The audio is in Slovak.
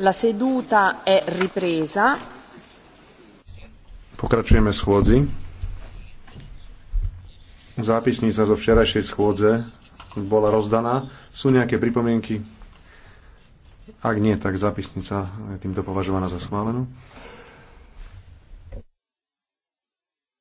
La seduta è ripresa. Pokračujeme schôdzi. Zápisnica zo včerajšej schôdze bola rozdaná. Sú nejaké pripomienky? Ak nie, tak zápisnica je týmto považovaná za schválenú.